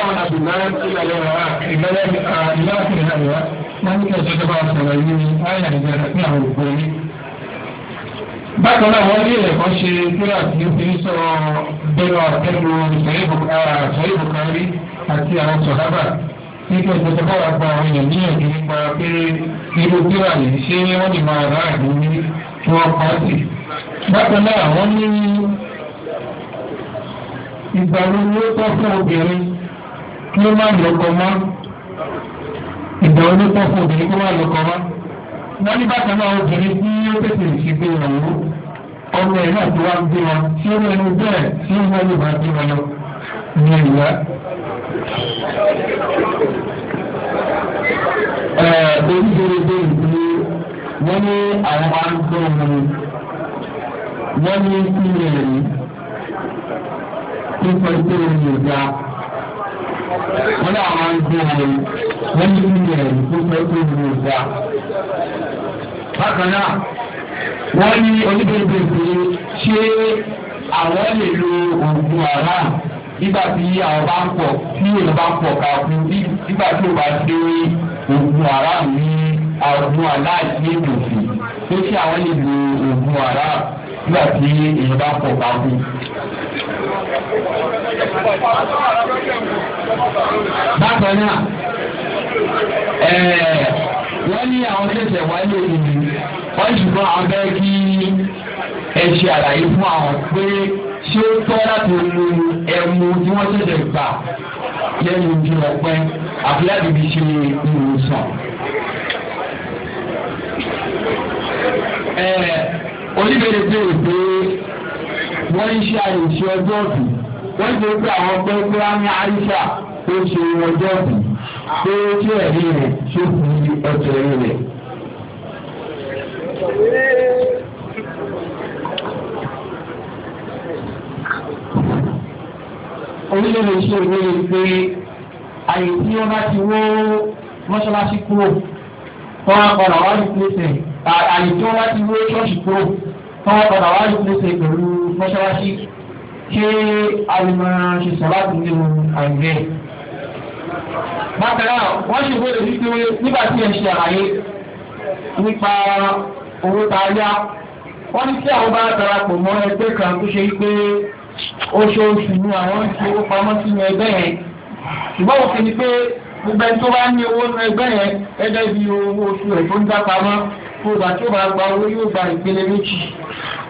àwọn àbùdá ìlàlẹ̀ wà ìlàlẹ̀ ìlàlẹ̀ ìlàlẹ̀ wà wọ́n ní kí ẹ̀sọ́ tó bá sọ̀rọ̀ yìí ní àyà ìjọba ní àwọn òkú yìí. bákan náà wọ́n ní ẹ̀kọ́ ṣe kíra tí ó fi ń sọ̀rọ̀ bẹ́ẹ̀ ọ̀tẹ́lu sọ̀rọ̀ Bùkárí àti àwọn sọ̀hábà ní kí ẹ̀sọ́ tó bá wà gba àwọn èèyàn ní ẹ̀dùn nípa pé irú kíra yìí ṣé wọ́n lè máa rà àdúgbò ní kí wọ́n pa sí. bákan náà wọ́n ní ìgbà wo fún obìnrin kí ó má lọ́kọ mọ́ ìgbà onípọ̀ fún obìnrin kí ó má lọ́kọ mọ́. wọ́n ní bákan náà obìnrin tí ó tètè ṣègbè ìrànwọ́ ọmọ ẹ̀ náà tó wá ń gbé wọn tí ó mẹ́nu bẹ́ẹ̀ tí ó mẹ́nu bá gbé wọn lọ ní ìwà. onídèrèdè ìlú wọ́n ní àwọn máa ń gbọ́ ọmọ wọ́n ní kí ni ẹ̀rí pípẹ́ tó ń yọ̀dá wọ́n náà máa ń gbé wọn wọ́n ní ilé ẹ̀rí tó fẹ́ tó wù ú wá. bákan náà wọ́n ní oníbèrèbè pé ṣé àwọn lè lo oògùn àrà nígbà tí àwọn bá ń pọ̀ tí èèyàn bá ń pọ̀ ká fún nígbà tí ò bá dé oògùn àrà ní oògùn àrà ní èdòfì ṣe àwọn lè lo oògùn àrà nígbà tí èèyàn bá pọ̀ ká bákan náà wọ́n ní àwọn ṣẹ̀ṣẹ̀ wáyé ìlú wọ́n ṣùgbọ́n àwọn bẹ́ẹ̀ kí ẹ ṣe àlàyé fún àwọn pé ṣé ó tọ́ láti lu ẹmu tí wọ́n ṣẹ̀ṣẹ̀ gbà lẹ́nu ojú ọpẹ́ àti láti fi ṣe ìwòsàn. oníbẹ̀rẹ̀ bèrè pé wọ́n ń ṣe àyèṣe ọjọ́ ọ̀sìn wọ́n ti pé àwọn pẹ́ẹ́pẹ́ á ní àyíṣà tó ṣe ọjọ́ ọ̀sìn pé tí ẹ̀rí rẹ̀ ṣó fi ọjọ́ ẹ̀rí rẹ̀. orílẹ̀-èdè ṣe ìwéyè pé àyè tí wọ́n bá ti wó mọ́ṣáláṣí kúrò wọ́n á padà wá rí pèsè àyè tí wọ́n bá ti wó ṣọ́ọ̀ṣì kúrò wọ́n á padà wá rí pèsè pẹ̀lú mọ́ṣáláṣí ṣé alùmọ̀ ṣe sọ̀rọ̀ àdúgbò àìgbẹ́. bákan náà wọ́n ṣe wọ́n lè wípé nígbà tí ẹ ṣe àlàyé nípa owó tá a yá wọ́n ní tí àwọn bá darapọ̀ mọ́ ẹgbẹ́ kan tó ṣe wípé oṣooṣù ni àwọn ń fi owó pamọ́ sínú ẹgbẹ́ yẹn ṣùgbọ́n òfin ni pé gbogbo ẹni tó bá ní owó nínú ẹgbẹ́ yẹn gẹ́gẹ́ bí owó oṣù rẹ̀ tó ń dá pamọ́ gbogbo àti òbá gba owó yóò gba ìpele méjì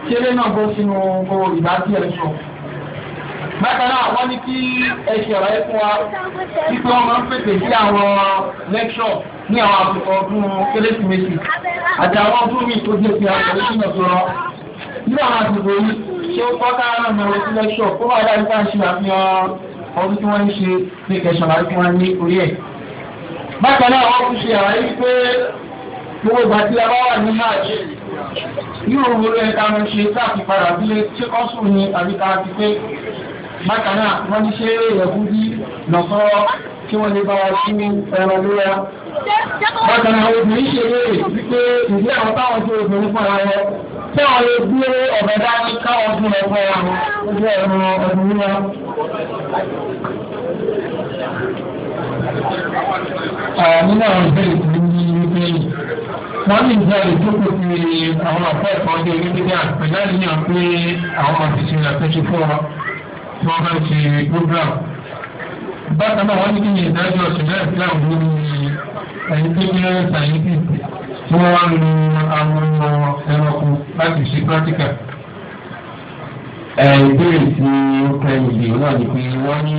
tí eré náà bọ́ sínú owó ìgbà tí ẹ sọ. bákan náà wọ́n ní kí ẹ ṣẹ̀rọ̀ ẹ fún wa wípé wọ́n máa ń pèsè sí àwọn lẹ́kṣọ̀ ní àwọn àkókò ọdún kérésìmesì àti àwọn ọdún míì tó dé sí àwọn kòlẹ́sìnà tó rọ. nínú àwọn àdìgbò yìí ṣé ó kọ́ká náà mọ̀ lọ sí lẹ́kṣọ̀ kó bá dáa nípa ṣe àfihàn ọdún tí wọ́n ń ṣe ní kẹsàn-án tí wọ́n ní orí ẹ̀. bákan náà wọ́n tún ṣe àlàyé pé gbogbo ìgbà tí a bá wà ní hajj yóò wúlò ẹ̀ka ń ṣe káàkiri padà sílé ṣé kọ́sùn ni àbí ká ti pé bákan náà wọ́n ní ṣe ẹ̀kú bí nọ̀sọ́rọ́ kí wọ́n lè bá wa sí ẹran lóra. bákan náà obìnrin ṣe léèrè wípé ìdí àwọn táwọn tó obìnrin fún ara wọn tí àwọn lè gbé ọ̀bẹ dání káwọn fún ẹ̀fọ́ wa ojú ẹ̀rọ ọdún níwá. nínú àwọn ìbéèrè tó ń yí wípé wọ́n ní ìjọ lè jókòó sí àwọn ọ̀pẹ́ ẹ̀kọ́ ọdún onídìrí àpè láti yàn pé àwọn ọ̀fíìsì àtúnṣe fún ọ tí wọ́n bá ṣe program. bákan náà wọ́n ní kí ni ìdájọ́ ọ̀sẹ̀ náà sí àwọn olórí ẹ̀yìn tó jẹ́ scientist tí wọ́n wá lu àwọn ẹranko láti ṣe practical. ẹ ìbéèrè tí ó kẹyìn ìdè náà ni pé wọ́n ní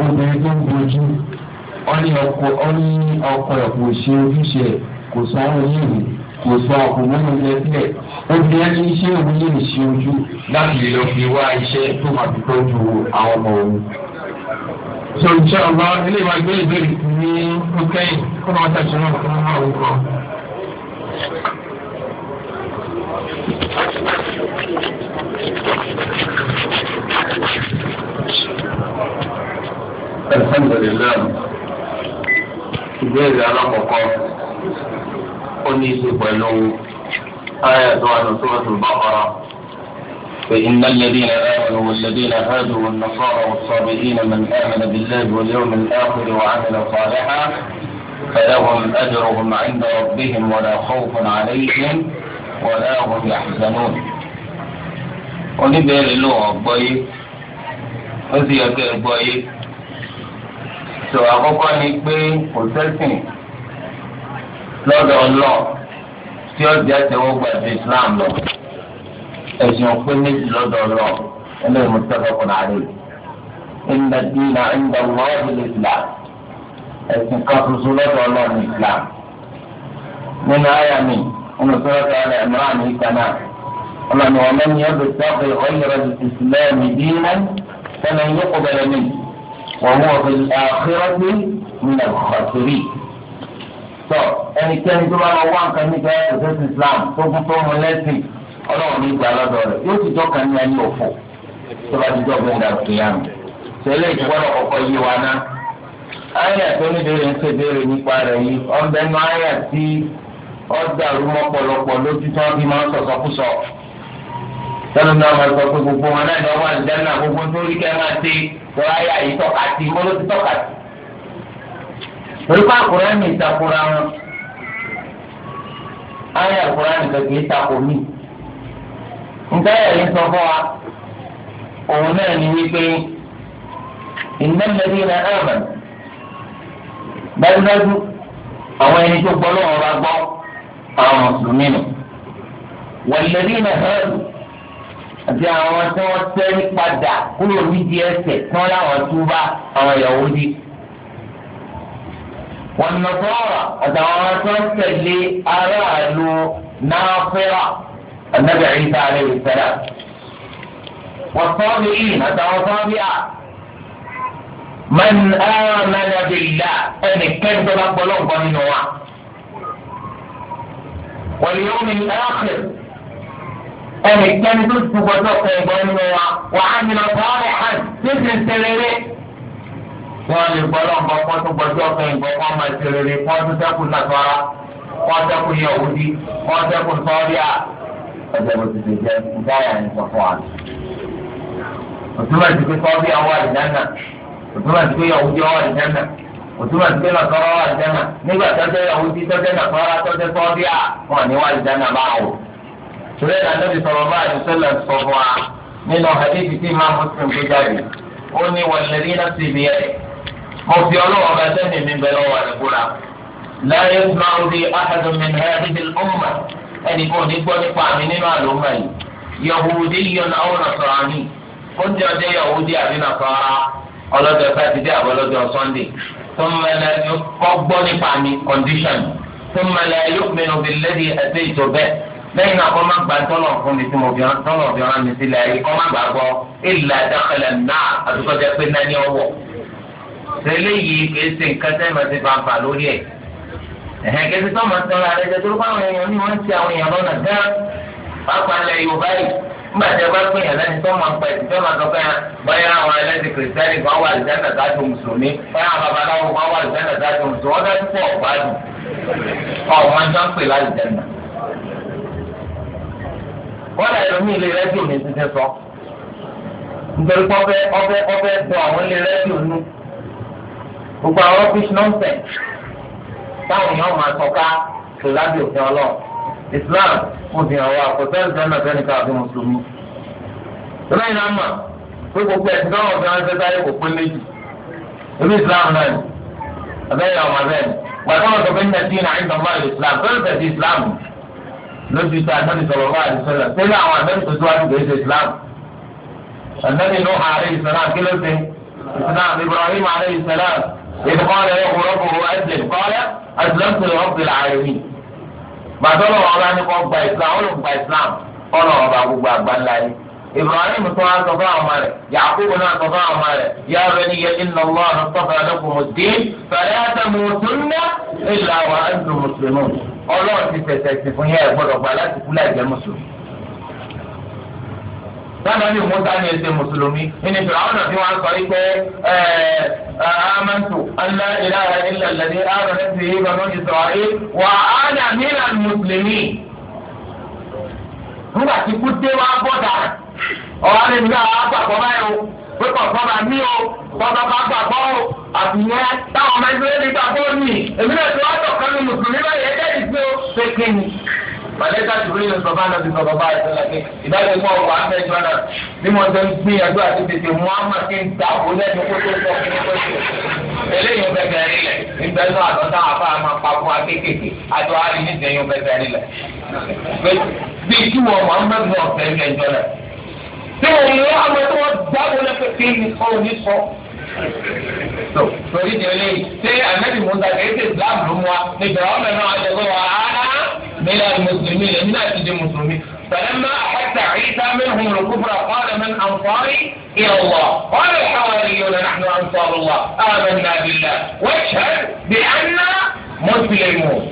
obìnrin tó ń bojú ọ ní ọkọ ẹ̀ kò ṣe ojúṣe ẹ̀ kò sọ àwọn yìí kò sọ ọkùnrin ní ilé sílẹ̀ obìnrin ní iṣẹ́ òun yìí ṣe ojú láti lè lọ fi wá iṣẹ́ tó máa fi tọ́jú àwọn ọmọ òun. sọ ìṣe ọba ilé ìwà gbé ìbéèrè ní kókẹ́yìn kó máa tẹ̀sán náà fún ọmọ kan. الحمد لله ìbéèrè alákọ̀ọ́kọ́ ó ní í ṣe سورة البقرة فإن الذين آمنوا والذين هادوا والنصارى والصابئين من آمن بالله واليوم الآخر وعمل صالحا فلهم أجرهم عند ربهم ولا خوف عليهم ولا هم يحزنون oníbẹ̀rẹ̀ ló wọ́n gbọ́ yé ó sì yẹ kẹ́ ẹ sọ àkọ́kọ́ ni pé kò sẹ́sìn lọ́dọ̀ ọlọ́ tí ó ọjà tẹ̀wọ́ gba ju islam lọ ẹ̀sìn òpé méjì lọ́dọ̀ ọlọ́ ẹlẹ́yìn mo tẹ́ fọkàn àárẹ̀ ẹ̀ńdà dínà ẹ̀ńdà wọ́ọ̀dù islam ẹ̀sìn kan tuntun lọ́dọ̀ ọlọ́ ní islam nínú àyà mi ọmọ tó lọ́dọ̀ ọlọ́ ẹ̀mọ́ràn mi kanáà ọmọ mi wọ́n mẹ́ni ọdún sọ́kè ọ̀yẹ̀rọ̀ islam dínà sẹ́ni yóò bẹ̀rẹ̀ mi wọ́n mú ọ̀gbìn àkérọ́gbìn nínú àkọ́kọ́rì. tọ ẹnikẹ́ni tó bá lọ wá nǹkan nígbà ẹ̀sẹ̀ islam tó kún tó mú lẹ́sìn ọlọ́run ní gbà lọ́dọ̀ rẹ̀ yóò ti jọ́ kan ní ẹni òfò tó bá ti jọ́ fún ìdàrú kìyàmù tẹ́lẹ̀ ìgbọ́dọ̀ kọ́kọ́ yé wa ná. ayé tó ní béèrè ń ṣe béèrè nípa rẹ̀ yìí ọ̀bẹ nu ayé tí ọ̀dà rúmọ́ pọ̀lọpọ̀ lójú tó bí máa ń sọ̀sọ̀ kú sọ. sẹ́nu náà máa sọ pé gbogbo wọn náà ni wọ́n wà ní dáná gbogbo nítorí kẹ́ máa ṣe lọ́ráyà yìí tọ́ka sí kó torí pé àkùrẹ́ mi ìtakùrọ̀ àwọn ayé àkùrẹ́ mi kẹ̀kẹ́ ìtakùrọ̀ mi. nǹkan ẹ̀rí sọ fún wa òun náà ní wípé ìnáwó ní ẹ̀mẹ̀ dájúdájú àwọn ẹni tó gbọ́ lọ́wọ́ bá gbọ́ àwọn mùsùlùmí nù. wọ̀lẹ́rì náà hẹ́rù àti àwọn tí wọ́n tẹ́rí padà kúrò nídìí ẹsẹ̀ tí wọ́n láwọn túbà àwọn Yahudi. والنصارى أتعاطت لأرالو ناصرة النبي عيسى عليه السلام والصابئين أتعاطابئة من آمن بالله أن الكذب لبلغ من نوع واليوم الآخر أن الكذب لبلغ من نوع وعمل صالحا مثل السلالات wọn lè gbọ́ lọ́nkọ́ kọ́ tó gbọ́dọ̀ ọ̀kan ìgbọ́ kọ́ máa ṣe rere kọ́ tó dẹ́kun nàtọ́ra kọ́ dẹ́kun yahudi kọ́ dẹ́kun sọ́ọ́ríà ọjọ́ bó ti ṣe jẹ́ ìdáyà ń sọ fún wa. òtún àti pé sọ́ọ́ríà wà ìdáná òtún àti pé yahudi wà ìdáná òtún àti pé nàtọ́ra wà ìdáná nígbà tọ́jọ́ yahudi tọ́jọ́ nàtọ́ra tọ́jọ́ sọ́ọ́ríà wọn ni wà ìdáná báwo. sùrẹ́ sọ̀rọ̀ bá àdìsẹ́lẹ̀ sọ máa mo fi ọlọ́wọ́ bá sẹ́ni mi bẹ̀rẹ̀ wà ní kúra láyé máa ń di ahadun min hadhihi al-umma ẹnì kan ò ní gbọ́ nípa mi nínú àlùmọ́ yìí yahudi yọ náà ó nasarani ó ń jẹ́ ọjọ́ yahudi àbí nasara ọlọ́jọ́ sátidé àbọ̀lọ́jọ́ sunday tó ń mẹ́lẹ̀ kọ́ gbọ́ nípa mi condition tó ń mẹ́lẹ̀ yóò pinnu bí lẹ́dí ẹ̀sẹ̀ ìtò bẹ́ẹ̀ lẹ́yìn náà kọ́ má gbà tọ́lọ̀ fún mi tí mo fi hàn tọ́lọ̀ fi hàn mi sílẹ̀ yìí kọ́ má gbà gbọ́ ìlà dákẹ́lẹ̀ náà àdúgbò jẹ́ pé náà ní ọwọ́ eléyìí kìí ṣe nǹkan tẹ́ ẹ máa ṣe fanfa lórí ẹ̀ ẹ̀hẹ́n kí ẹ ti tọ́ máa tẹ́ra rẹ jẹ́ torí báwọn èèyàn ní wọ́n ti àwọn èèyàn lọ́nà gán pápá ilẹ̀ Yorùbá yìí nígbà tí ẹ bá pè yàn lẹ́ni tó máa ń pa ẹ̀sìn tó máa sọ pé báyà àwọn ẹlẹ́sìn kìrìsìtẹ́nì kan wà lùdánà dájú mùsùlùmí báyà àwọn babaláwo kan wà lùdánà dájú mùsùlùmí wọ́n dájú gbogbo àwọn rubbish nonsense táwọn èèyàn máa sọ ká tó lábẹ́ òfin ọlọ́run Islam mo fi hàn wá kò sẹ́yìn sẹ́yìn àti ẹnìkan àti mùsùlùmí. ìlànà ìlànà mà pé gbogbo ẹ̀sìn tó wọ́n fi ránṣẹ́ sáyé kò pé méjì ìlú Islam náà ni abẹ́yẹ ọmọ abẹ́yẹ gbàdúrà wọn sọ pé nígbà tí ìnáyìn tó ń bá ìlú Islam tó ń tẹ̀ Islam lójú ìta àtàlù sọ̀rọ̀ bá àdìsọ lọ sílẹ̀ àwọn àtàlù tó tó wájú kò ṣe Islam àtàlù inú ààrẹ ìsọ̀rọ̀ àkílọ́sẹ̀ Islam Ibrahim ààrẹ ìsọ̀rọ̀ إذ قال له ربه أسلم قال أسلمت لرب العالمين gbàtọ́ lọ́wọ́ ọba ní kọ́ gba islam ó ló gba islam ọlọ́ ọba gbogbo àgbáńlá yìí ibrahim tó wá sọ fún àwọn ọmọ rẹ̀ yakubu náà sọ fún àwọn ọmọ rẹ̀ yà á bẹni yẹ iná lọ́wọ́ àwọn sọ́kà lẹ́kùn mùsùlùmí fẹ̀rẹ̀ àtàmù mùsùlùmí ìlà wà á dùn mùsùlùmí ọlọ́run ti tẹ̀sẹ̀ sí fún yẹn gbọ́dọ̀ gba láti kú láì jẹ́ mùsùlùmí lọ́nà bí Musa ni ẹsẹ̀ mùsùlùmí ẹni fìlà ọ̀nà tí wọ́n sọ yìí pé amantu anna ilaha illa alladhi amana bihi banu Isra'il wa ana minal muslimin. nígbà tí kú dé wá bọ́dà ọ̀hán ẹni náà wá gbàgbọ́ báyìí o pé kọ̀ọ̀kan bá mí o kọ̀ọ̀kan bá gbàgbọ́ o àtìyẹn táwọn ọmọ ìgbéléwé gbàgbọ́ mi èmi náà ti wá tọ̀ màlẹ́kà tó rí lọ́sọ̀ bá lọ́sọ̀ sọ̀rọ̀ bá ẹ̀sẹ̀ lọ́sẹ̀ ìdájọ́ ìmọ̀ ọ̀rọ̀ àmẹ́jọ náà bí wọ́n ṣe ń gbìyànjú àti tètè mú àmà kí n ta kó lẹ́nu kó tó sọ kí n tó sọ. eléyìí bẹ̀bẹ̀ rinlẹ̀ níbẹ̀ náà àtọ́tà àfa máa pa fún wa kéékèèké àjọ àrí nídìí bẹ̀bẹ̀ rinlẹ̀. bí kí wọ́n mọ̀ ń bẹ̀rù ọ̀fẹ́ ẹ̀jọ́ náà. tí wọ́n mú àwọn tó wọ́n dáwọ́ lẹ́ torí ìdílé ṣé àmẹ́bí mú ta kéésì islam ló mú wa من المسلمين الناس دي مسلمين فلما أحس عيسى منهم الكفر قال من أنصاري إلى الله قال الحواريون نحن أنصار الله آمنا بالله واشهد بأننا مسلمون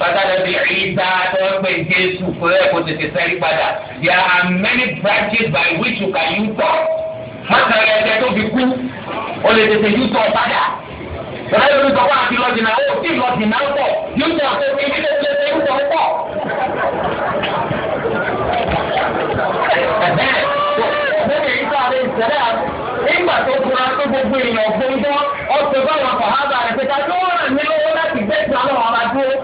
father be Isa tọ́pẹ́ Jésù kò yẹ kó tètè sẹ́rí padà there are many branches by which you can use talk. Mọ́tàlẹ́jẹ tó fi kú, o lè tètè use talk padà ẹ̀rọ ìlú bàbá àti lọ́jìnà ó kí lọ́jìnà ń pọ̀ yóò tẹ̀ àpò ibi tó ṣe ṣe ń pọ̀ pọ̀. Bẹ́ẹ̀ ni sáré ìṣẹ̀lẹ̀ nígbà tó kura tó gbogbo èèyàn gbóngbó ọ̀sẹ̀ báwọn sàhábà rẹ̀ pé kájọ́ wọn rẹ̀ mí láti gbé ìgbà náà wọn máa dúró.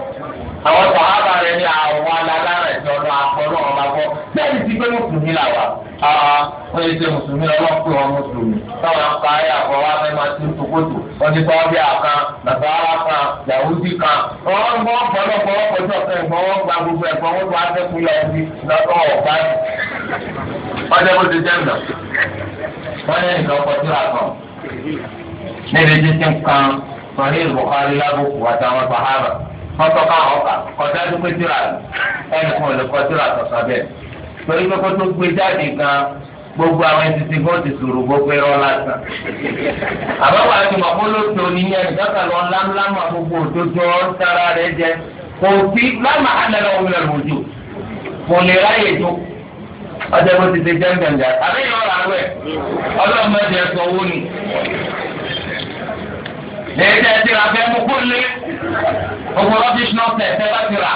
Àwọn sàhábà rẹ̀ ni àwọn alárẹ̀ tí ọ̀nà àpọ̀ náà wọn máa bọ́. Bẹ́ẹ̀ni ti gbé mùsùlùmí là wà. Àwọn oníṣẹ́ mùsùlùmí lọ́wọ́ pé mùsùlùmí. Táwọn apá ayé àpọ̀ wa fẹ́ máa tún kòtò ọ̀nìkọ́ ọ̀bíà kan nàtàrà kan yahudi kan ọ̀wọ́n gbọ́ ọ̀pọ̀lọpọ̀ ọ̀pọ̀jọ́ kan ìgbọ̀n wọn gba gbogbo ẹ̀gbọ́n wọn tó akẹ́kọ̀ọ́ yọ ọtí lọ́tọ̀ ọ̀gbá yìí. wọ́n jẹ́ bó ti jẹ́ nà wọ́n yẹ nìkan ọkọ̀ tí wàá kàn. níbi títí kan sọ̀rí ìbùkárí lábùkù àtàwọn sàhábà wọ́n tọ́ káwọn ọkà kọjá dúpẹ́ tíra ẹnì kan ò lè kọ tíra sọ̀sọ̀ bẹ́ẹ̀ torí pé kó tó gbé jáde gan gbogbo àwọn ẹni títí kó ti sòrò gbogbo ẹ̀rọ lásán. àbáwọ̀ àti màkólótó ni ẹni dọ́kà lọ lámlámà gbogbo òdodo ọ̀sára rẹ̀ jẹ kò sí lámà àlẹ́rọ̀ òun lẹ́nu ojú kò lè ráyè tó ọjọ́ bó ti ṣe jẹ́ gbẹ̀ngà àbẹ́yẹ ọ̀rọ̀ àwẹ̀ ọlọ́mọdé ẹ̀sọ́ owó ni. lèyí tẹ́ ti ra fẹ́ mú kó lé gbogbo rọ́bìṣì náà tẹ̀ tẹ́ bá ti rà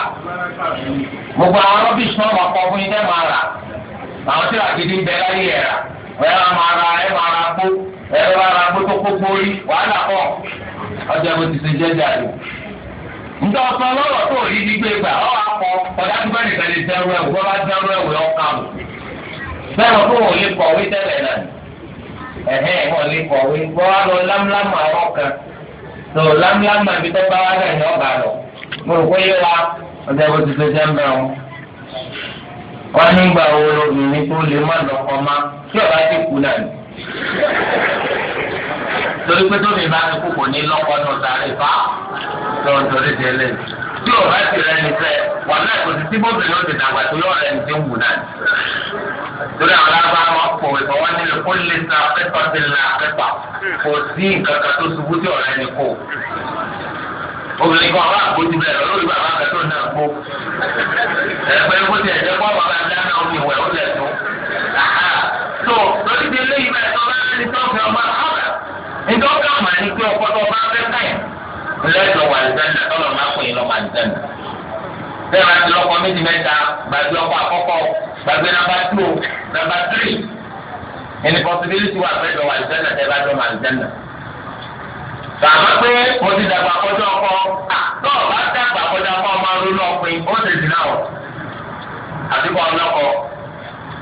gbogbo àwọn rọ́bìṣì náà àwọn tí wàá gidi ń bẹ láyé yẹn rà ẹ wàá máa ra ẹ máa ra gbó ẹ wàá ra gbó tó kó gbórí wàhálà pọ̀ ọjà bó ti ṣe jẹ́ jáde. Ntọ́ ọ̀sán lọ́rọ̀ tó rí ní gbégbà ọ̀ akọ ọ̀dà tó bá nìkan lè dẹrù ẹ̀wù bọ́ bá dẹrù ẹ̀wù ẹ̀ ọ̀ka mọ̀. Bẹ́ẹ̀ tó wò lè kọ̀wé tẹ́lẹ̀ náà. Ẹ̀hẹ́ wọ́n lè kọ̀wé wọ́n wá lọ lámlámà ọ̀rọ̀ kan. lámlámà wọn nígbà wo lóbìnrin tó lè má lọ́kọ má tí ọba ti kú náà ni. torí pé tóbi bá ti kú kò ní lọ́kọ ní ọ̀tá rẹ̀ fà á lọ́wọ́ torí ti ẹlẹ́ tí ọba ti rẹ ní sẹ wọn náà kò sí tí bóbìnrin ó ti dàgbà tó yọ ọ̀rẹ́ ní ti ń wù náà ni. torí àwọn alábá wọn pọ̀ ìfọ̀ wọn nílò kó lè sa pẹ́pà ti la pẹ́pà kò sí nǹkan kan tó ṣubú tí ọ̀rẹ́ ní kò obìnrin kan bẹ́ẹ̀ máa ti lọ́kọ méjì mẹ́ta gbàgbé ọkọ àkọ́kọ́ gbàgbé nàmbà tù ó nàmbà tírì ẹni pọsibiliti wà fẹ́ dọ̀wọ́ àlùjáná tẹ́ bá dọ̀wọ́ àlùjáná. Bàbá pé mo ti dàgbà kọjá ọkọ àtọ́ bá dàgbà kọjá ọkọ ọmọ ronú ọpin ó sì dì náà àdúgbò ọlọ́kọ.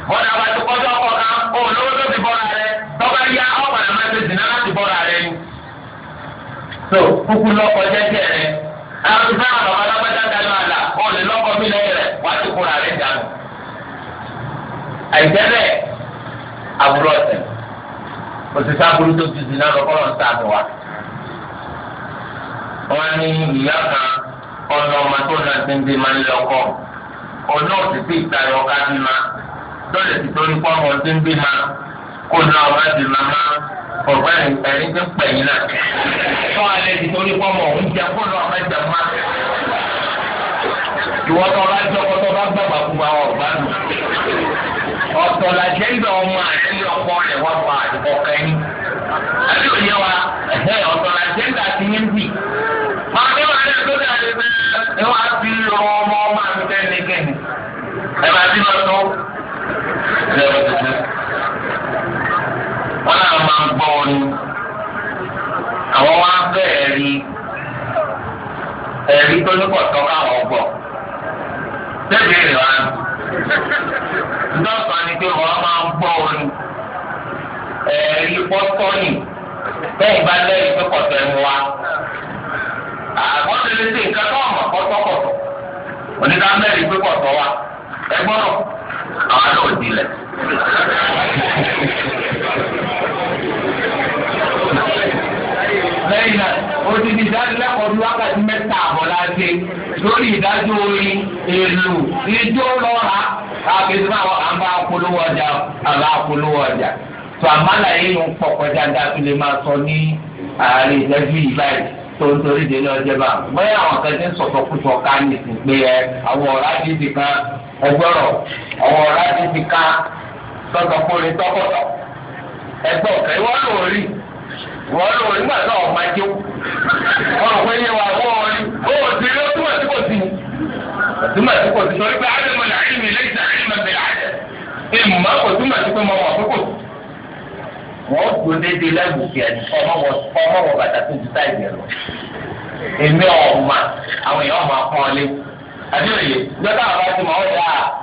Bọ́dà bá ti kọjá ọkọ kan ó lówó tó ti bọ́ra rẹ̀ tọ́ba yá ọ̀pọ̀ àmọ́ ti dì náà láti bọ́ra rẹ̀ ni. So kúkú lọ́kọ jẹ́jẹ́ rẹ̀ àwọn ti fẹ́ràn bàbá alágbádá dánú àlà ó lè lọ́kọ̀ mí lẹ́yìn rẹ̀ wá ti kúra rẹ̀ dànù. àìjẹ́ bẹ́ẹ̀ àbúrò ọ̀sẹ̀ òṣìṣẹ́ aburú tó ti dì náà lọ́kọ́ lọ́n sàánù wa. wọ́n ní ìyá kan ọ̀nà ọmọ tó na gbẹ̀ngbẹ̀ máa ń lọ́kọ́ ọ̀nà òṣìṣẹ́ ìtayọ̀ ká kó ná ọba di màmá ọba ẹni tó pẹ̀yìn náà. Tọ́ alẹ́ ti torí pọ́mọ̀ òun jẹ kó ná ọba jẹ má. Ìwọ́n tó ọba jẹ́ ọkọ tó ọba gbàgbà kú bá ọba nù. Ọ̀tọ̀ la jẹ́ ìgbà ọmọ àti ilé ọkọ rẹ̀ wọ́n fa àdìpọ̀ kẹ́yìn. Àbí òye wa ọ̀tọ̀ la jẹ́ ìgbà àti yín bì. Màá ní wàá ní ẹgbẹ́ àti ẹgbẹ́ ẹ wá fi ọmọ ọmọ àti tẹ́lẹ̀ wọn náà máa ń gbọ́ orin àwọn wá bẹ́ẹ̀ rí ẹ̀rí tó ní pọ̀tọ́ káwọn gbọ́ débi ni pé wọ́n máa ń gbọ́ ẹ̀rí pọ́tọ́ bẹ́ẹ̀ bá lẹ́yìn tó pọ̀tọ́ ẹ̀ mú wa àwọn nǹkan tó ọmọ àbẹ́yìn náà odidi ìdánilẹ́kọ̀ọ́ ha wákàtí mẹ́ta àbọ̀ ha ṣe lórí ìdájọ́ orin èlò ijó lọ́ra àbẹ̀sí máa wọ àbá polówó ọjà àbá polówó ọjà tó àmàlà yìí ń pọ̀pọ̀ dáadáa tó máa sọ ní ààrẹ ìdájọ́ ìbáyìí tó ń torí délé ọjọ́ bá bóyá àwọn kan ti ń sọ̀tọ̀ kú sọ ká pé ẹ àwọn ọ̀rá ti ti kan ọgbọ́rọ̀ àwọn ọ̀rá ti ti kan sọ̀tọ̀ kórè tọ́kọ̀tọ̀ lò rí wọ́n lò ó nígbà tó ọ̀pá jó wọ́n pé yé wa wọ́n rí ó ti rí ó túmọ̀ sí kò sí túmọ̀ sí kò sí lẹ́yìn kò túmọ̀ sí mọ̀ kò sí. wọ́n lẹ́gùn kí ẹni ọmọ bàtà tó táì jẹ lọ. èmi ọ̀ma àwọn èèyàn ọ̀ma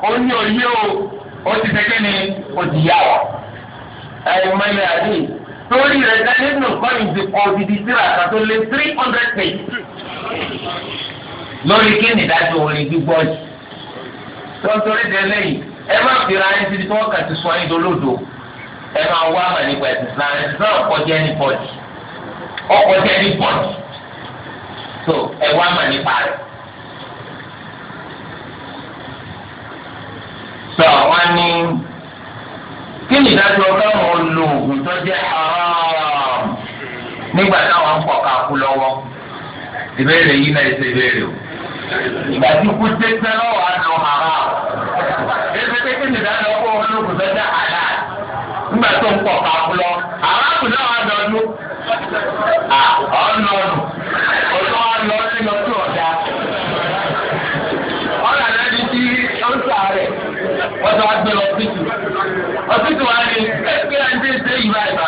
pọ́n lé torí rẹ̀ dání nù kọ́yìn ti kọ́ odidi síra àtàtó lé three hundred pages lórí kí ni ìdájọ́ orin gbígbọ́ yìí tọ́tọ́rí dẹ lẹ́yìn ẹ má fira ẹni tí wọ́n kà ti sọ ẹni dolódo ẹ máa wá àmà nípa ẹ̀sìn Islam ẹ̀sìn Islam ọkọjẹ́ ní bọ́ọ̀dì ọkọjẹ́ ní bọ́ọ̀dì so ẹ wá àmà nípa rẹ̀. sọ wọn ní kí ni ìdájọ́ káwọn lo oògùn tó jẹ́ haram nígbà táwọn ń pọ̀ ká kú lọ́wọ́ ìbéèrè yìí náà ṣe ìbéèrè o ìgbà tí kú tẹ́tẹ́ lọ́wọ́ á lo haram èsì pé kí ni ìdájọ́ kó olóògùn tó jẹ́ halal nígbà tó ń pọ̀ ká lọ haram náà á dọ̀dún ọ̀nà ọ̀nà ọ̀nà ọ̀nà tí ọ̀dà ọ̀nà náà di tí ó ń sàárẹ̀ wọ́n ti wá gbé lọ sí ọtí tí wàá ní ẹgbẹ́ àti ṣe ìwà ìbá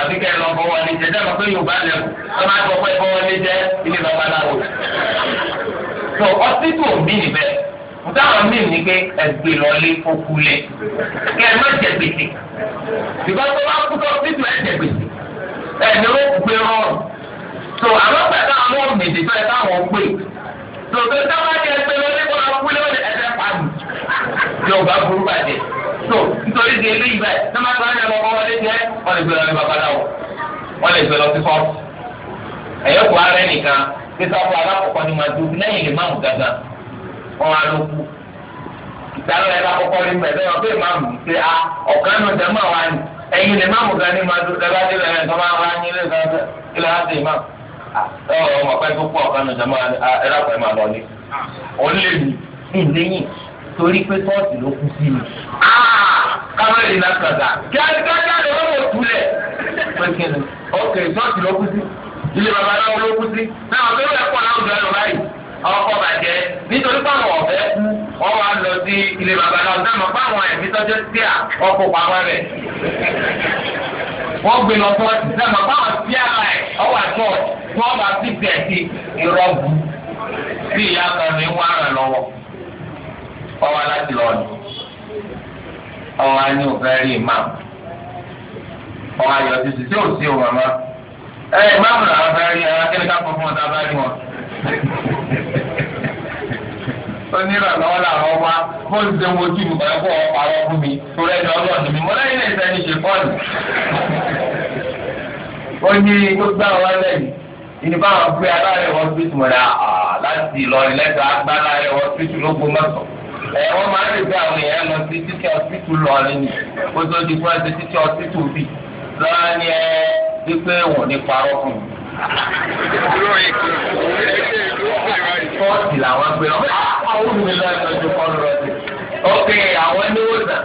àfi kẹ́ ẹ lọ bọ́ wọlé jẹ jẹ́ lọ́pẹ́ yorùbá lẹ̀ ẹ máa tọ́ pé bọ́ wọlé jẹ ilé bàbá láwo. tó ọtí tó mí níbẹ̀ táwọn mí ní pé ẹgbẹ́ lọlé kókú lẹ̀ kí ẹ má jẹ gbèsè ìgbà tó bá kú tó títù ẹ jẹ gbèsè ẹni ó gbé rọrùn tó àwọn pẹ̀lú àwọn mèjì tó ẹ táwọn gbé tó tó táwọn ẹgbẹ́ lọlé kó lọ kú lé ó lè nítorí di ilé ibẹ̀ ní ma sọ̀rọ̀ yẹn lọ́kọ́ wọlé jẹ́ wọ́n lè gbé lọ ní babaláwo wọ́n lè gbé lọ sí kọ́ọ̀tù ẹ̀yọ́ kò ara ẹnìkan pé sáfù alákọ̀ọ́kọ́ ni máa dúró lẹ́yìn lè máàmù gàgà wọn á ló kú ìdáná ẹ̀ lákọ̀ọ́kọ́ ní pẹ̀lú ẹ̀ ọ̀bẹ ṣe a ọ̀gá náà jẹ́ máa wá ní ẹ̀yìn lè máàmù gàgà ní máa dúró lẹ́bàá délẹ̀ ẹ̀ sọ́mọ́ ara ní ilé ìgbà kí lè á sì máa ọ̀rọ̀ ọmọ pẹ́ tó kú ọ̀gá náà jẹ́ máa ẹ̀ lápẹ́ máa lọ ní torí pé kóòtù ló kú sí mi. Ah! káwọn èyí náà kàn dà kí adigunjà ló wọ́n wò kulẹ̀. ok kóòtù ló kú sí ilé babaláwo ló kú sí náà ọ̀gbẹ́ wọlé pọ̀ láwùjọ ẹ̀ lọ báyìí ọkọ̀ bàjẹ́ nítorí pàwọn ọ̀fẹ́ wọ́n wá lọ sí ilé babaláwo náà mọ̀ pàwọn ẹ̀mí tọ́jú sí à ọkọ̀ pàwọn rẹ̀ wọ́n gbé lọ fún ọtí sẹ́mi báwọn sí àlá ẹ̀ ọwọ́ àtọ́ wọ́n bá sí bẹ̀ẹ́ sí ìrọ́bù bí ìyá kan ní wọ́n á rẹ̀ lọ́wọ́ ọwọ́ láti lọ ni ọwọ́ á ní òfin rí imam ọwọ́ ayọ̀ títí tí ò sí o màmá ẹ imam làwọn fẹ́ rí ara kí ni ká kọ́ fún ọ̀tá bá rí wọn. onírànlọ́wọ́ làwọn wá bó ti ṣe wo ojú mi kọ́ ẹ̀kọ́ ọ̀pọ̀ fún mi torí ẹni ọlọ́ọ̀dún mi mo lẹ́yìn lè sẹ́ni ṣe pọ́ọ̀lù. ó ní gbogbo àwọn lẹ́yìn ìnìbá àwọn pé aláàrẹ̀ wọ́n fi tùmọ̀ dá ah, láti Ìlọrin lẹ́sẹ̀ agbára rẹ̀ wọ́n fi tù lóko mọ́tò ẹ wọn máa ń rìn bí àwọn èèyàn lọ sí títí ọtítù lọrin ni kó tó di fún ẹsẹ títí ọtítù bì lọ́wọ́ ni ẹ wípé wọn ní parọ́ fún mi. Fọ́ọ̀tì làwọn gbé ọ́ ah, àwọn olùmílẹ̀ ìtọ́jú kọ́ lọ́rọ́ sí. Ok, àwọn oníwòsàn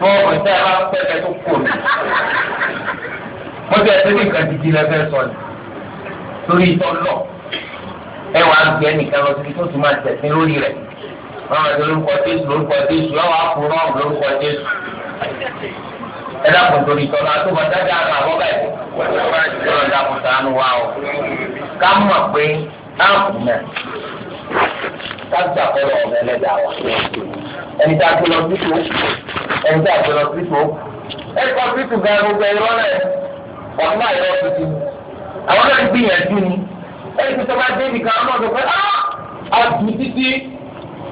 fọ́ọ̀mù tẹ́ ẹ bá pẹ́ẹ́kẹ́ tó kò ní. Mo jẹ́ ẹsẹ̀ nìkan jíjí lẹ́fẹ̀ẹ́ sọ ni torí ìtọ́ lọ. Ẹ wàá gbé ẹnìkan lọ sí tó tún máa tẹ̀sí lórí rẹ̀ wọn máa ń lórúkọ jésù lórúkọ jésù yọ wá kú rọrùn lórúkọ jésù ẹ dákun torí tọ́lá tó bá dájà àná àbọ̀ báyìí lọ́rọ̀ dákun sànù wá o ká mọ̀ pé áàpù náà ká ọ̀bẹ lẹ́dàá wa ẹni tá a gbé lọ sípò ẹni tá a gbé lọ sípò ẹ kọ́ sípò gan gbogbo ẹ̀rọ rẹ̀ ọ̀nà ẹ̀rọ tuntun àwọn náà ń gbìyànjú ni ẹni tó bá dé ibì ọmọdé pé á ah! àdùn títí.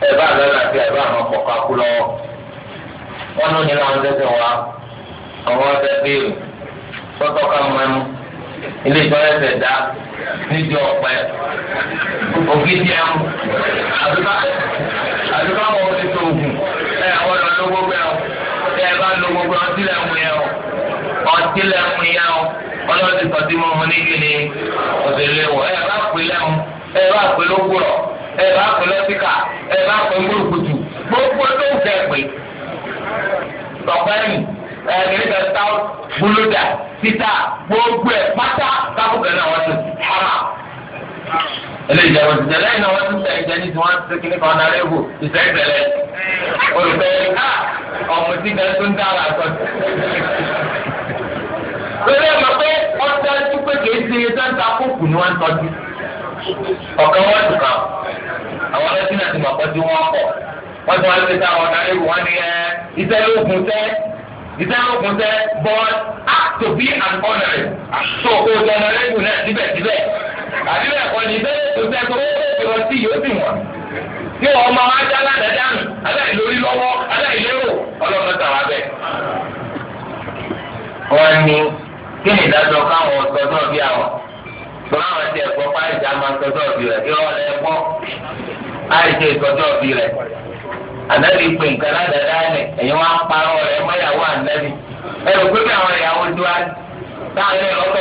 ẹ bá lọ́la bí ẹ bá àwọn ọkọ̀ kakú lọ́wọ́ wọn ló ní láwọn tẹsán wa àwọn ọtẹ bíìrù sọtọ ká mọ ẹnu ilé ìtọ́lẹ̀ ẹsẹ̀ dá nídìí ọ̀pẹ ògidì ẹmu àdúgbà àdúgbà wọn ti tó oògùn ẹ àwọn ọ̀dọ́ ló gbogbo ẹ ẹ bá lo gbogbo ọtí lẹ́mu yẹ ọ ọtí lẹ́mu yẹ kọ́tí mọ́ ọmọ nígbìnnì ọ̀sẹ̀ lé wọ ẹ bá pè lọ́síkà ẹ bá pè gbòòkùtù gbogbo tó ń fẹ́ pè. Sọ̀pẹ́yìn ẹ̀ẹ́dẹ̀rẹ́ bẹ ta búlódà títà gbogbo ẹ̀ pátá káfíńkà náà wọ́n ti hàrà. Eléyìí jẹ́ wọ́n ti tẹ̀lé iná wọ́n ti tẹ̀ ẹ̀jẹ̀ ní tí wọ́n ti kíní kan náà léwu ìfẹ́ ìbẹ̀rẹ̀. Olùfẹ́ ká ọmọ tí bẹ tó ń dára sọ. Lórí ẹ̀ mọ̀ pé ọ̀sẹ̀ ọ̀kan wọ́ọ̀dù kan àwọn ọlọ́sìn náà ti mọ̀ pẹ́jú wọn pọ̀ wọ́n ti wá sí táwọn ọ̀darí wọn ni ẹ iṣẹ́ lóògùn tẹ́ iṣẹ́ tẹ́ act to be an honorary so o náà síbẹ̀síbẹ̀ ni iṣẹ́ tẹ́ tó sí yóò sì wọ̀n tí wọ́n máa wá já lọ́wọ́ ọlọ́run bẹ́ẹ̀. wọ́n ní kí tọ́lá àwọn ti ẹ̀kọ́ pa ìjà máa ń tọ́jú ọ̀bì rẹ̀ kí wọ́n lẹ́ gbọ́ àìsè ìtọ́jú ọ̀bì rẹ̀ ànábì pè nǹkan ládàá rẹ̀ ẹ̀yin wá ń rẹ̀ mọ́yàwó ànábì ẹ̀rọ pé bí àwọn ìyàwó táwọn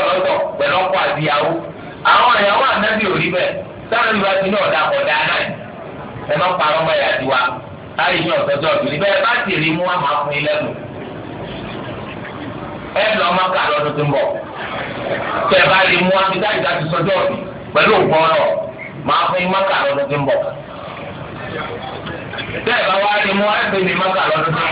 lọ́tọ̀ pẹ̀lú àti ìyàwó àwọn ìyàwó ànábì ò rí bẹ́ẹ̀ táwọn ìwà ti ní ọ̀dà ọ̀dà náà ẹ̀ parọ́ ẹ lọ máa kà lọ́dún tó ń bọ̀ tẹ bá lè mú abidá ìdá ti sọjọ́ ọ̀dì pẹ̀lú ògbọ́nọ̀ máa fún yín máa kà lọ́dún tó ń bọ̀ tẹ bá wá lè mú ẹgbẹ́ mi máa kà lọ́dún tó ń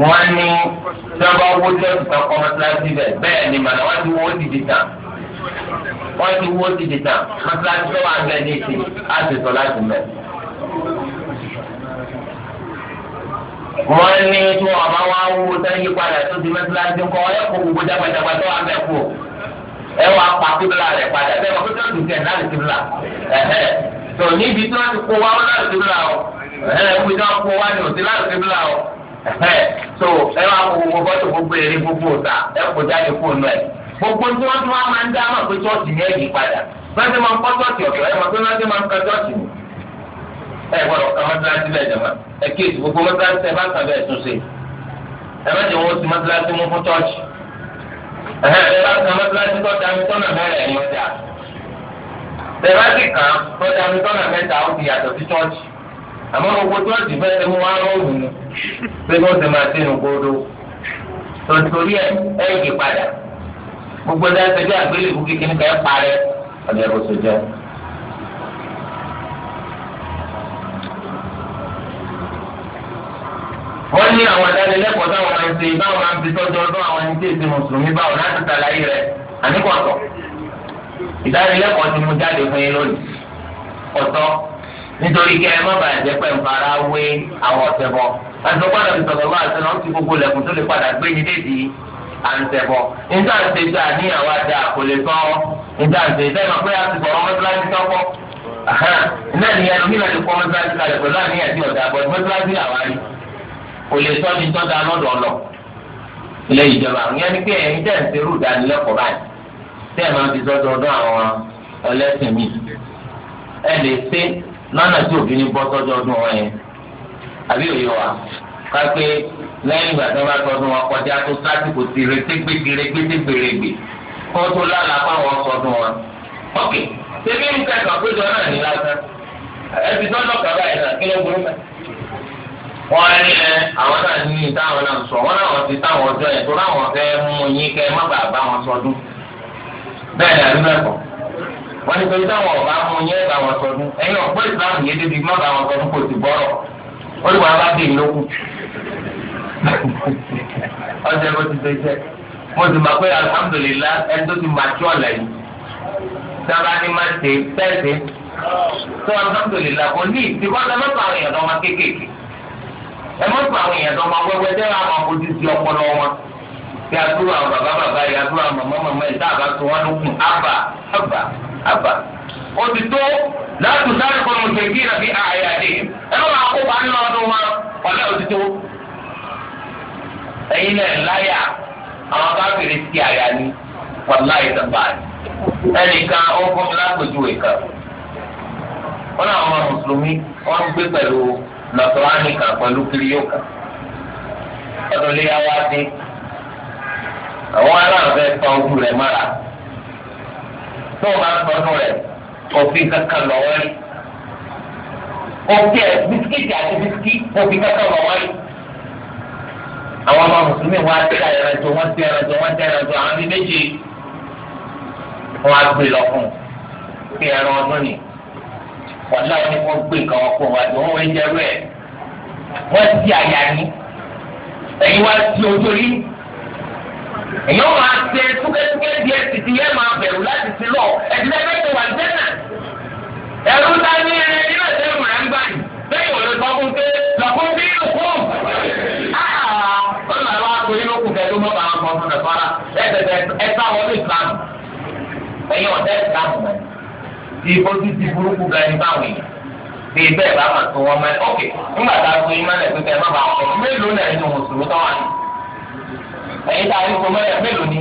wọ́n ní sábà owó jẹ́ ìtàn síbẹ̀ bẹ́ẹ̀ ni màdà wọ́n ti di tàn wọ́n ti wó ti di tán mọ́tíláṣí tó wà ń bẹ ní ìsìn á ti sọ láti mẹ́. wọ́n ní tí wọ́n bá wá wó sẹ́yìn padà tó di mọ́tíláṣí kọ́ ẹ kó gbogbo jágbàjágbà tó wà ń bẹ kú ẹ wà pa kíbla rẹ̀ padà bẹ́ẹ̀ wọ́n tó dùn kẹ̀ láti kíbla tó níbi tí wọ́n ti kó wá láti kíbla o ẹ̀ẹ́dẹ́gbẹ́ tí wọ́n kó wá ní òsì láti kíbla o so ẹ wà gbogbo gbogbo gbogbo tí wọ́n tún wá máa ń dá mọ̀ pé ṣọ́ọ̀ṣì ní ẹ̀yìn padà wọ́n ti máa ń kọ́ ṣọ́ọ̀ṣì ọ̀dọ̀ ẹ̀ mọ̀ pé wọ́n ti máa ń kọ́ ṣọ́ọ̀ṣì ni. ẹ gbọ́dọ̀ ká mọ́tíláṣí bẹ́ẹ̀ jẹ̀mọ́ ẹ kíyèsí gbogbo mọ́tíláṣí ẹ bá kàn bẹ́ẹ̀ tún ṣe ẹ má jẹ́ wọ́n ti mọ́tíláṣí mú fún ṣọ́ọ̀ṣì ẹ bá kàn mọ́tíláṣí tó dá mi tọ́nà mẹ́rẹ̀ ẹ̀yìn ọjà ẹ bá sì kàn tó mi tọ́nà mẹ́ta ó ti yàtọ̀ sí ṣọ́ọ̀ṣì àmọ́ gbogbo ṣọ́ọ̀ṣì fẹ́ẹ́ ti mú wá gbogbo ẹ̀dá ẹsẹ̀ bí àgbélébùú kékeré kẹ́ ẹ́ parẹ́ ọ̀dẹ̀ ẹ̀rọ sọ̀jọ́. wọ́n ní àwọn ìdánilẹ́kọ̀ọ́ táwọn máa ń ṣe báwọn máa ń fi tọ́jú ọdún àwọn ẹni tí èsì mùsùlùmí báwọn láti ṣàlàyé rẹ̀ àníkọ̀tọ̀ ìdánilẹ́kọ̀ọ́ ti mú jáde fún yín lónìí ọ̀tọ̀ nítorí kí ẹ má bàa jẹ́ pé nfàrà wé àwọn ọ̀tẹ̀ bọ̀ àti ọgbà náà sọ̀rọ̀ wá àti náà ó ti gbogbo lẹ́kùn tó lè padà gbé ní déèdì à ń tẹ̀bọ̀ nígbà tí ìgbà níyàwó àti àkọlé tán nígbà tí ìgbà ìgbà pé a ti sọ̀rọ̀ mọ́tíláṣí tán kọ́ náà ni ẹnu nílẹ̀ ti kọ́ mọ́tíláṣí kalẹ̀ pẹ̀lú àníyàn tí ọ̀dà bọ̀ mọ́tíláṣí àwárí kò lè sọ ní tọ́jà lọ́dọ̀ ọ̀lọ́ ilé ìjọba ìyẹn ni pé ẹ̀yin tẹ̀ ń serú ìdánilẹ́kọ̀ọ́ báyìí tẹ́ ẹ̀ máa fi sọ́dọ̀ ọdún àwọn ọlẹ́sìn mi ẹ̀ lè ṣe lọ́nà tí òfin bọ́ sọ́dọ̀ ọdún wọn yẹn àbí òye wa ká pé lẹ́yìn ìgbà tó bá sọdún wọn kọjá tó sásìkò ti retí gbégbérégbé gbèrègbè kó tó lálà fáwọn sọdún wọn. ok tèmi ń ka ìkàkójọ náà ní lásán ẹbí tó lọ́kàn báyìí náà kí ló burú mẹ́. wọ́n ní ẹ àwọn náà ní ìtawọn náà sọ wọ́n náà wọ́n ti ọjọ́ yẹn tó láwọn fẹ́ mú yín má bàa bá wọn ni àdúgbò ẹ̀kọ́ wọ́n ní ọjọ́ bó ti ṣe jẹ́ mo sì mọ̀ pé alhamdulillah ẹni tó ti màtí ọ̀lẹ̀ yìí sábà ní máa ṣe pẹ́ẹ́sì tó alhamdulillah kò ní ìsìnkú ọ̀dọ́ mọ́tò àwọn èèyàn tó máa kéékèèké ẹ mọ́tò àwọn èèyàn tó máa wẹ́wẹ́ tẹ́ ra àwọn ojú sí ọpọlọ wọn kí a dúró àwọn bàbá bàbá yìí a dúró àwọn màmá màmá yìí tá a bá tó wọn lókun àbà àbà àbà ó ti tó láti sáré kọ́ ọ̀rọ̀ ṣèkí ẹ̀yin náà láyà àwọn káfíìrì ti àyà ni wọn láyé tàbá ẹnìkan ó fún mi lápèjúwe kan wọn náà wọn mùsùlùmí wọn gbé pẹ̀lú nàtọ́wánì kan pẹ̀lú kiriyó kan ọdún léyàwó adé àwọn aláǹfẹ́ tọ́ ojú rẹ̀ mára tó o máa tọ́jú rẹ̀ òfin kankan lọ́wọ́ rí òfin ẹ̀ bisikíìtì àti bisikíìtì òfin kankan lọ́wọ́ rí àwọn ọmọ mùsùlùmí wọn á tẹ ẹranjọ wọn tẹ ẹranjọ wọn tẹ ẹranjọ àwọn bíi méjì wọn á gbé lọ fún un pé ẹran ọdún ni wọn náà ni wọn gbé nǹkan wọn kó wọn àti wọn wọn jẹ rẹ wọn ti àyà ni ẹyin wá sí ojú rí èyí wọn máa tẹ túkẹ́túkẹ́ díẹ̀ sì ti yẹ máa bẹ̀rù láti ti lọ ẹ̀sìn ẹgbẹ́ tó wà lẹ́nà ẹ̀rú ta ní ẹni náà tẹ́ màá ń gbà yìí bẹ́ẹ̀ ìwọ̀n lọ sọ fún pé lọ́kùnrin bí ìlú kúrò. ẹrú mọ́ bàá kọ́ fún nàfàrà ẹ̀ẹ́dẹ̀gbẹ̀ ẹ̀ta wọlé ìsìlámù ẹ̀yin ọ̀dẹ́ ìsìlámù mọ́ ti ojú ti burúkú gan ní báwọn yìí bí bẹ́ẹ̀ bá mà tó wọn mọ́ ẹ̀ ok nígbà tá a gbé imá náà gbé bẹ́ẹ̀ má bàa kọ́ mélòó náà nínú mùsùlùmí tó wà ní ẹ̀yin tá a rí kọ́ mọ́lẹ̀ mélòó ni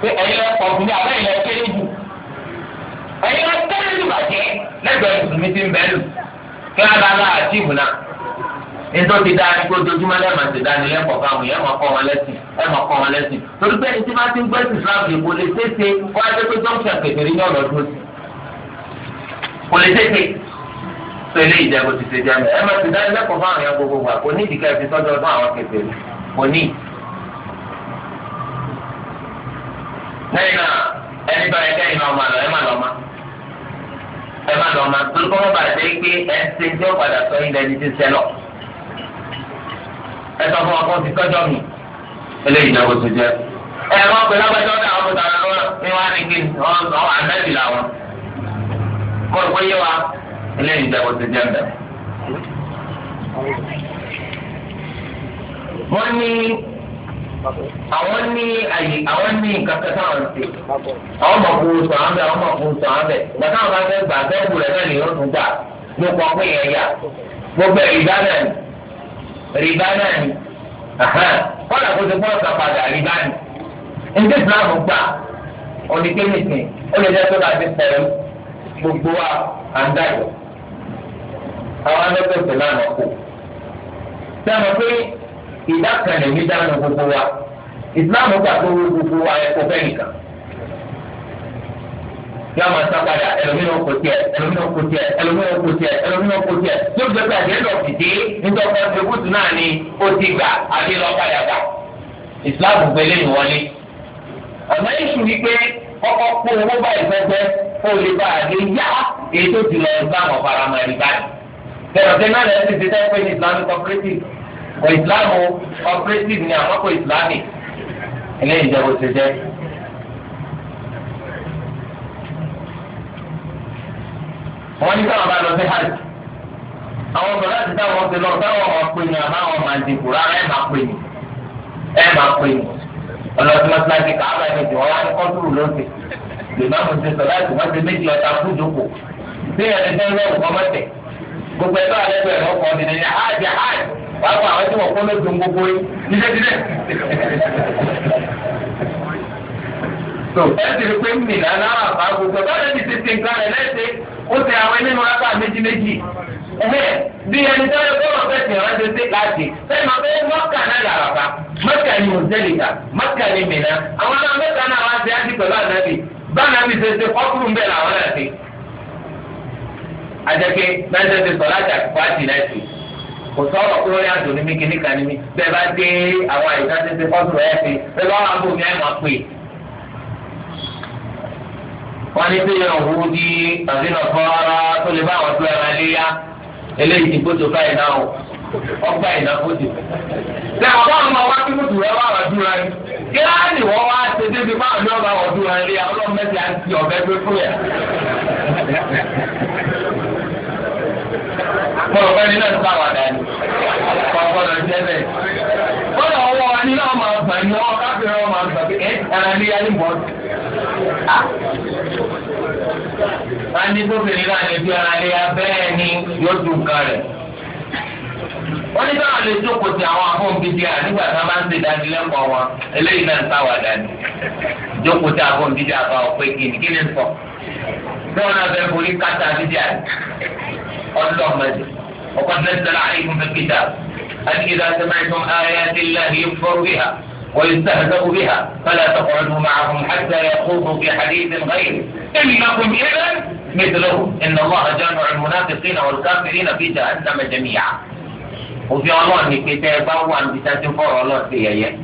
pé ẹ̀yin lẹ́ pọ̀ fún mi àbẹ́ ẹ̀yin lẹ́ kéré jù ẹ̀yin lẹ́ kéré jù bàjẹ́ lẹ́gbẹ̀ẹ́ mùsùlùmí ti ń bẹ́ẹ̀ lù kí nítorí ti dáa ní kó dojúmọ́ lẹ́ẹ̀mọ̀ ti dáa ní lẹ́kọ̀ọ́ fáwọn yẹn mọ̀ kọ́ wọn lẹ́sìn ẹ̀ mọ̀ kọ́ wọn lẹ́sìn torí pé ẹni tí bá ti ń gbẹ́sìn Islam yìí kò lè tètè kó ajé pé jọ́ǹsà kẹfẹ́rí ní ọ̀rọ̀ dúró sí kò lè tètè pẹ̀lú ìjẹ́bù ti ṣe jẹ́ ẹ̀ mọ̀ ti dáa ní lẹ́kọ̀ọ́ fáwọn yẹn gbogbo wa kò ní ìdíkà ẹ̀fín tọ́jú ọdún àwọn kẹfẹ́rí kò ní. lẹ́yìn náà ẹni bá ẹgbẹ́ ìmọ̀ ọmọ àlọ́ ẹ má lọ́ọ́ má ẹ má lọ́ọ́ má torí kọ́ mọ́ ẹ sọ fún ọkọ ti tọ́jọ́ mi eléyìí náà kò tó jẹ ẹ ẹ wọn pè lágbàjọ náà wọn tààrà lọ́wọ́ ní wọn á ní kí wọn sọ àmẹ́bí làwọn mo rò pé yé wa eléyìí náà kò tó jẹ mbẹ. wọ́n ní àwọn ní àyè àwọn ní nǹkan kan táwọn ṣe àwọn ọmọ kò sọ àwọn bẹ àwọn ọmọ kò sọ àwọn bẹ ìgbà táwọn bá fẹ́ gbà fẹ́ wù rẹ̀ náà lè yọ̀ tún gbà ló pọ̀ yẹn yà gbogbo ẹ̀ ìdá náà rìbá náà ni kọ́lá kó ti gbọ́dọ̀ sàpadà rìbá ni ndé ìsìlámù gbà onígbé nìsín ó lè jẹ́ sọ́dọ̀ àti pẹ̀lú gbogbo wa à ń dàgbọ́ àwọn alẹ́kọ̀ọ́sọ̀ lánàá kù sẹ́nu pé ìdá kan lè mí dáná gbogbo wa ìsìlámù gbà tó gbogbo wa ẹ̀kọ́ fẹ́ nìkan yóò máa sá padà ẹlòmínú kò tiẹ̀ ẹlòmínú kò tiẹ̀ ẹlòmínú kò tiẹ̀ ẹlòmínú kò tiẹ̀ yóò gbé pé àdéhùn lọ fìdí nítorí ọkọ ìfẹ́kùtù náà ni ó ti gbà àbí lọ padà gbà ìsìláàmù gbélé ìwọlé ọ̀nà ìṣù wípé kọ́kọ́ kó owó báyìí fẹ́fẹ́ kó o lè bá a lè yá èyí tó ti lọ bá àwọn faramọ́ ẹ̀rí báyìí tẹ̀rọ̀tẹ̀ náà lẹ́yìn ti ti tẹ́ pé ní islamic cooperative kò islamu cooperative ni àwọn kò islamic eléyìí jẹ́ bó ṣe jẹ́ wọ́n ní sábà bá lọ sí hajj àwọn bàbá àti táwọn ti lọ táwọn ọmọ pè ní àbá àwọn máa dìbò rárá ẹ máa pè ní ẹ máa pè ní ọlọ́dún mọ́tíláṣí káàbà ẹni tí wọ́n wá ní kọ́ńtúrù lóde lèmi àwọn ti sọ láti wọ́n ti méjì ọ̀tá fúdùkù bí ẹni tẹ́ ń lọ́wọ́ ọmọ tẹ̀ gbogbo ẹ̀tọ́ alẹ́ bẹ̀rẹ̀ ọkọ̀ ọ̀dìnrín ní hajj hajj wàá fún àwọn tí wọ́n kọ́ lójú gbogbo yìí dídẹ́dídẹ́ tó ẹ ti rí pé mìíràn náà àbá gbogbo ẹ ó tẹ àwọn ẹni nínú rákà méjì méjì bí ẹni tó yẹ kọ́rọ̀ fẹ̀sìn ọ̀rẹ́ ti ṣe láti sẹ́yìn máa fẹ́ mọ́kà náà làràbà mọ́kà ni mọ̀sẹ́lìkà mọ́kà ni mìíràn àwọn náà mẹ́ta náà wá sí ájì pẹ̀lú ànábì bá ànábì ṣe ṣe kọ́kùrù ń bẹ̀ làwọn náà ṣe. àjẹpé náà ṣe ṣe sọ láti àkùkọ àti náà ṣe kò sọ̀rọ̀ pé wọ́n yà dùn ní mí kíní kan ní mí bẹ́ẹ̀ bá dé àwọn àyíká ṣe ṣe kọ́kùrù ẹ̀ wọn ní sí Yahudi àti Nasara tó lè bá àwọn tó eléyìí ti gbódò báyìí náà o ọgbà ìnáfóde. ṣé àwọn ọmọ wa kí kùtù rẹ wà wọ́n dúró rẹ kí láàánì wọ́n wá ṣe débi báwọn ní ọba wọ́n dúró rẹ ọlọ́run mẹ́tì á ti gbé fún yà. mo rò pé nínú ẹ̀sán àwọn àdáni kọ̀ọ̀kọ̀ọ̀dọ̀ jẹ́ bẹ́ẹ̀. ní náà máa gbà ní wọ́n ah. ní gómìnà náà lè fi ara lé abẹ́rẹ́ ni yóò dùn kan rẹ̀. wọ́n ní báwọn lè jókòó ti àwọn afọ́nbíbí à nígbà tí wọ́n bá ń ṣe ìdánilẹ́kọ̀ọ́ wọn eléyìí náà ń sáwàdà ni jókòó ti afọ́nbíbí àbá ọ̀pẹ kìíní kí ni ń sọ. bí náà fẹ́ forí kátà bíbí à ọlọ́mọdé ọkọ̀ tẹ́tẹ́lá àyíkú fẹ́ kíta àti ìdá ويستهزأ بها فلا تقعدوا معهم حتى يخوضوا في حديث غيره إنكم إذا مثلهم إن الله جامع المنافقين والكافرين في جهنم جميعا وفي الله نكتة يبوا عن بتاتي فور الله في أيه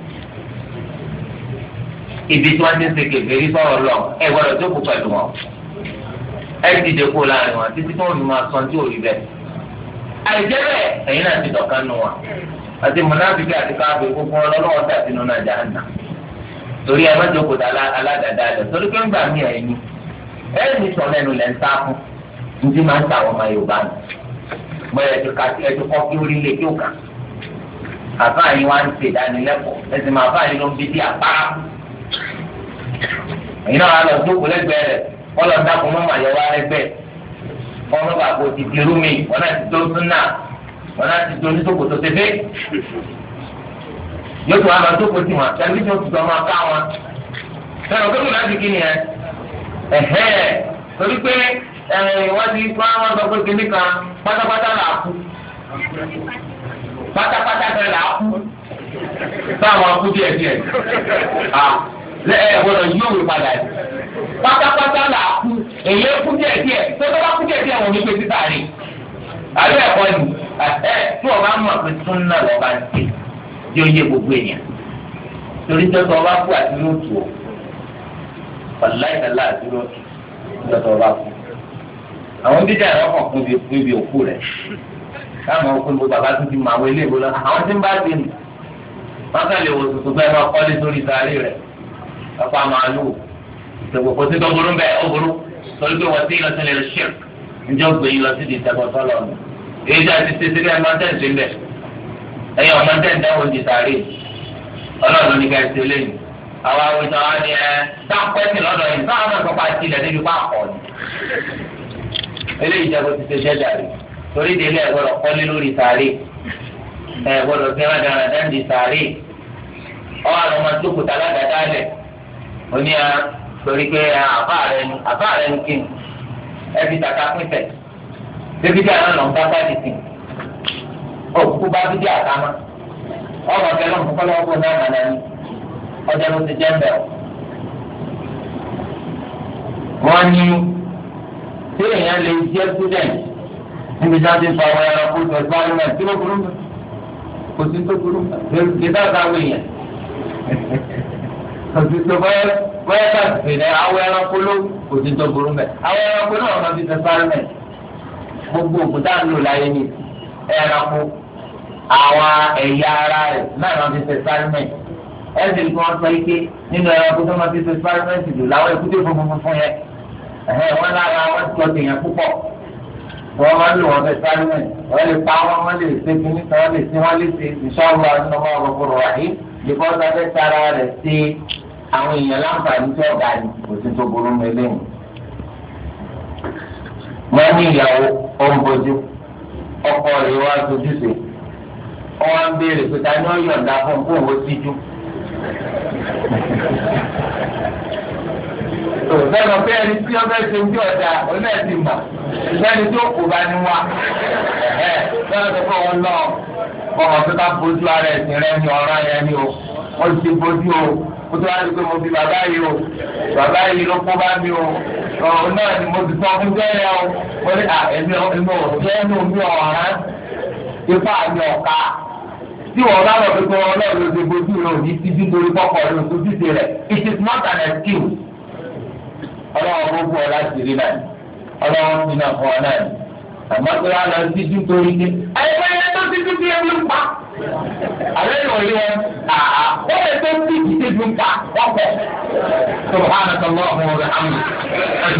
ibi tí wọn ti ń ṣe kèfèrí sọ̀rọ̀ lọ ẹ gbọ́dọ̀ jókòó pẹ̀lú wọn ẹ dìde kó láàrin wọn títí tí wọn fi máa sọ tí ò rí bẹ́ẹ̀ àìjẹ́ bẹ́ẹ̀ ẹ̀yin náà ti dọkan wọn. àti mọ̀nàfíkì àti káfíń gbogbo ọlọ́wọ́ dàbí nínú ajá àná torí ẹ mẹ́jọ kò dá aládàáda rẹ̀ torí pé ń gbà mí ẹ̀yìn ẹ̀yìn ní sọ̀rọ̀ ẹnu lẹ̀ ń sá fún ntí máa ń ta àwọn ọmọ Yorùbá nù bẹ́ẹ̀ ẹ̀jọ̀ kọ́ kí orí lè kàn ń ṣe ìdánilẹ́kọ̀ọ́ ẹ̀sìn máa fáàyìn ló ń bí àpárá lọ rẹ̀ wọn láti di oníṣòwò tó ṣe fẹ́ yóò tún àwọn àdókò tí wọn tẹ̀lé tó ti sọmọ aká wọn sọ̀rọ̀ pé múnà dìkì nìyẹn ẹ̀hẹ́ torí pé wọ́n ti fún àwọn sọ pé kìnnì kan pátápátá là á kú pátápátá kan là á kú táwọn akú díẹ̀ díẹ̀ ẹ gbọ́dọ̀ yí òwe padà yìí pátápátá là á kú èyí kú díẹ̀ díẹ̀ tó tó bá kú díẹ̀ díẹ̀ wọ́n ní pé títà rí àbí ẹ̀kọ́ ni ẹ tí ọba mọ̀ pé súnà lọ́ba ń tè tí yé gbogbo èèyàn torí tọ́tọ̀ ọba kú àti lóòtù o ọ̀láìdàlá àti lóòtù tọ́tọ̀ ọba kú. àwọn bíjà ẹ̀rọ kan kún ibi òkú rẹ̀ káàmù ọkùnrin gbogbo bàbá tó ti mọ àwọn ilé ìbò lọ àwọn tí ń bá dé nù wọn kàn tuntun bẹ́ẹ̀ máa kọ́lé sórí sáré rẹ̀ ọ̀pá màálù ìṣègùnkùn tí tó burú bẹ́ẹ̀ ó burú torí pé wọ́n ti lọ sílẹ̀ ṣírk ǹjẹ́ ó gbé yín lọ sí ìdìtẹ̀gbọ̀tọ́ lọ́nà èyí tí a ti ṣe sílẹ̀ máa tẹ̀ sí mbẹ̀ ẹ̀yin ọmọ tẹ̀ǹtẹ̀ wo ti sàárè ọlọ́run ní ká ṣe lẹ́yìn àwọn awùjọ wa ni ẹ dápẹ́ sí lọ́dọ̀ yìí báwọn náà sọpá ti ilẹ̀ níbi pààkọ́ ni eléyìí jago ti ṣe jẹ́ dàrí torí délé ẹ̀ gbọ́dọ̀ kọ́lé lórí sàárè ẹ̀ gbọ́dọ̀ fẹ́ rádaràdá dáńdì sàárè ọwọ́ àwọn ọmọ tó kùtà ládàá lẹ̀ oní à torí pé àbá rẹ̀ ni àbá rẹ̀ ni kí ni ẹ fi tàkà pín tẹ̀ débìtì àná lọ ń bá sáà dìtì òkú bá bíbí àtàmà ọmọ ọ̀gá lọ́n kọ́kọ́ lọ́wọ́ kó náà nàná ni ọjà ló ti jẹ́ mbẹ́ o. wọ́n ní tí èèyàn lè jẹ́ student níbi tí wọ́n ti sọ àwọn ẹranko tó ẹgbẹ́ àwọn ẹranko tí wọ́n burú mbẹ́ kò sí tó burú mbẹ́ kì í dáadáa wọ èèyàn kò sí tó bọ́yá bá ti fèrè àwọn ẹranko ló kò burú mbẹ́ àwọn ẹranko náà wọ́n ti sọ sáré mẹ́rin gbogbo òkú tá à ń lò láyé ni ẹranko àwọn ẹ̀yà ara rẹ̀ náà wọ́n ti ṣe experiment ẹ̀sìn kí wọ́n sọ ike nínú ẹranko tó wọ́n ti ṣe experiment lò láwọn èkúté funfun fún yẹn ẹ̀hẹ́ wọ́n lára wọ́n ti ọ̀tẹ̀ yẹn púpọ̀ wọ́n máa ń lò wọ́n fẹ́ experiment wọ́n lè pa wọ́n wọ́n lè ṣe kíní kan wọ́n lè ṣe wọ́n lè ṣe ìṣọ́ọ̀lù àwọn ọmọ ọ̀rọ̀ wọn ní ìyàwó ó ń bójú ọkọ rẹ wá sojúṣe wọn wá ń béèrè pé ta ni wọn yọ̀ǹda fún kó wọn síjú. sọ̀rọ̀ pé ẹni tí ọbẹ̀ ṣe ń bí ọ̀dà ọlẹ́ẹ̀dì mà ìgbẹ́ni tó kù bá ní wa lọ́dọ̀ tó kọ́ wọn lọ ọmọ tó bá bójú ara ẹ̀sìn rẹ ní ọ̀rọ̀ yẹn ni o wọ́n ti bójú o kó tó wá ní pé mo fi bàbá yìí o bàbá yìí ló kó bá mi o ọ̀hún náà ni mo ti sọ fún jẹ́rẹ̀ o mo ní ẹ̀mí ẹ̀mí ọ̀jẹ́ ẹ̀mí omi ọ̀ràn ipá mi ọ̀ka tí wọ́n bá lọ gbogbo wọn náà lóde gbójú rẹ̀ òní ti bí torí kọ́kọ́ rẹ̀ oṣù títì it is not an excuse ọlọ́wọ́ gbogbo ọ̀la ti rí náà ọlọ́wọ́ ti náà fún náà àmọ́ pé wọ́n lọ sí ju torí dé. àyẹ̀fẹ́ yẹn tó ti dúdú yẹn ló ń pa. àlẹ́ ìwọ̀lẹ́ wọn àá wọ́n lè tó ti dìde ló ń pa wọ́n pọ̀. sọ̀rọ̀ hàn